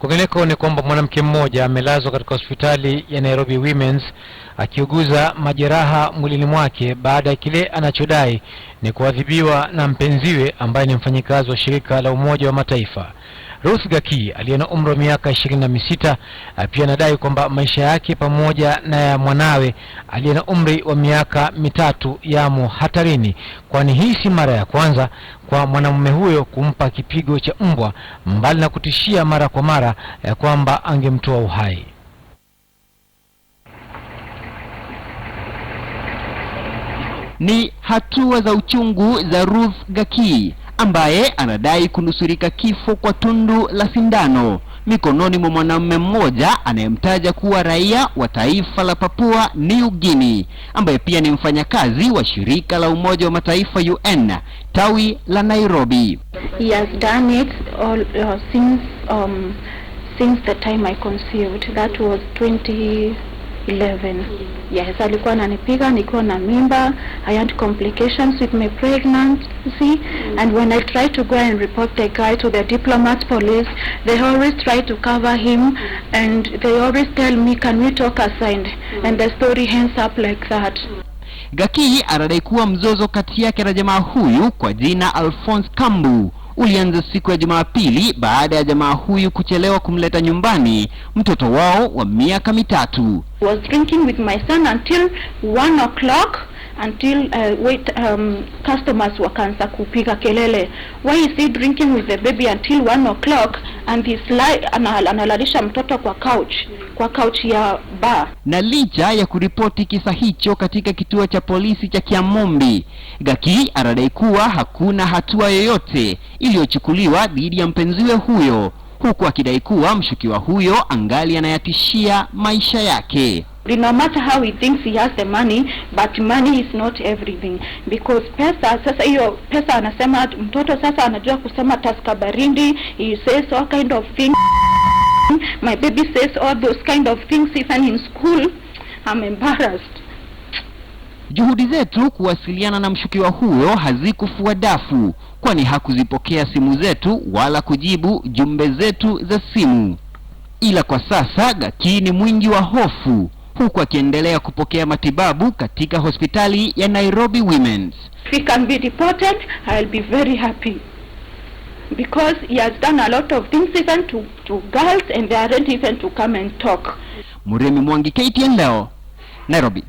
Kwingineko ni kwamba mwanamke mmoja amelazwa katika hospitali ya Nairobi Women's akiuguza majeraha mwilini mwake baada ya kile anachodai ni kuadhibiwa na mpenziwe ambaye ni mfanyikazi wa shirika la Umoja wa Mataifa. Ruth Gaki aliye na umri wa miaka ishirini na misita eh, pia anadai kwamba maisha yake pamoja na ya mwanawe aliye na umri wa miaka mitatu yamo hatarini, kwani hii si mara ya kwanza kwa mwanamume huyo kumpa kipigo cha mbwa, mbali na kutishia mara kwa mara ya eh, kwamba angemtoa uhai. ni hatua za uchungu za Ruth gaki ambaye anadai kunusurika kifo kwa tundu la sindano mikononi mwa mwanamume mmoja anayemtaja kuwa raia wa taifa la Papua New Guinea ambaye pia ni mfanyakazi wa shirika la Umoja wa Mataifa UN tawi la Nairobi. He has done it all, uh, since, um, since the time I conceived. That was 20... 11. Yes, alikuwa ananipiga nikiwa na mimba. I had complications with my pregnancy mm. and when I tried to go and report the guy to the diplomat police, they always try to cover him and they always tell me can we talk aside mm. and the story ends up like that. Gakii anadai kuwa mzozo kati yake na jamaa huyu kwa jina Alphonse Kambu ulianza siku ya Jumapili baada ya jamaa huyu kuchelewa kumleta nyumbani mtoto wao wa miaka mitatu. Was drinking with my son until one o'clock until uh, wait um, customers wakaanza kupiga kelele, why is he drinking with the baby until one o'clock and his analalisha mtoto kwa couch kwa couch ya bar. Na licha ya kuripoti kisa hicho katika kituo cha polisi cha Kiamombi, Gaki anadai kuwa hakuna hatua yoyote iliyochukuliwa dhidi ya mpenziwe huyo, huku akidai kuwa mshukiwa huyo angali anayatishia maisha yake. No matter how he thinks he has the money but money is not everything because pesa sasa, hiyo pesa anasema mtoto sasa anajua kusema taska barindi he says all kind of things, my baby says all those kind of things even in school, I'm embarrassed. Juhudi zetu kuwasiliana na mshukiwa huyo hazikufua dafu, kwani hakuzipokea simu zetu wala kujibu jumbe zetu za simu, ila kwa sasa Gakii ni mwingi wa hofu huku akiendelea kupokea matibabu katika hospitali ya Nairobi Women's. If he can be deported, I'll be very happy because he has done a lot of things even to, to girls and they aren't even to come and talk. Murimi Mwangi, KTN leo, Nairobi.